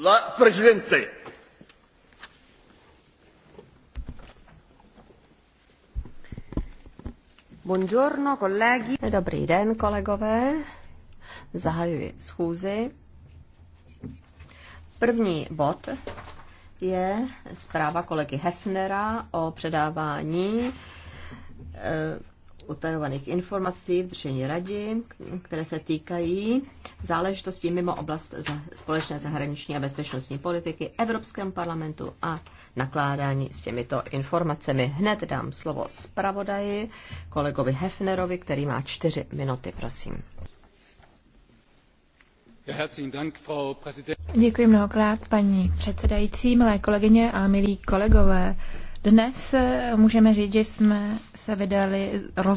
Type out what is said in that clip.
La Presidente. Buongiorno, colleghi. Dobrý den, kolegové. Zahajuji schůzi. První bod je zpráva kolegy Hefnera o předávání eh, utajovaných informací v držení radě, které se týkají záležitostí mimo oblast společné zahraniční a bezpečnostní politiky Evropskému parlamentu a nakládání s těmito informacemi. Hned dám slovo zpravodaji, kolegovi Hefnerovi, který má čtyři minuty, prosím. Děkuji mnohokrát, paní předsedající, milé kolegyně a milí kolegové. Dnes eh, můžeme říct, že jsme se vydali rozhodnutí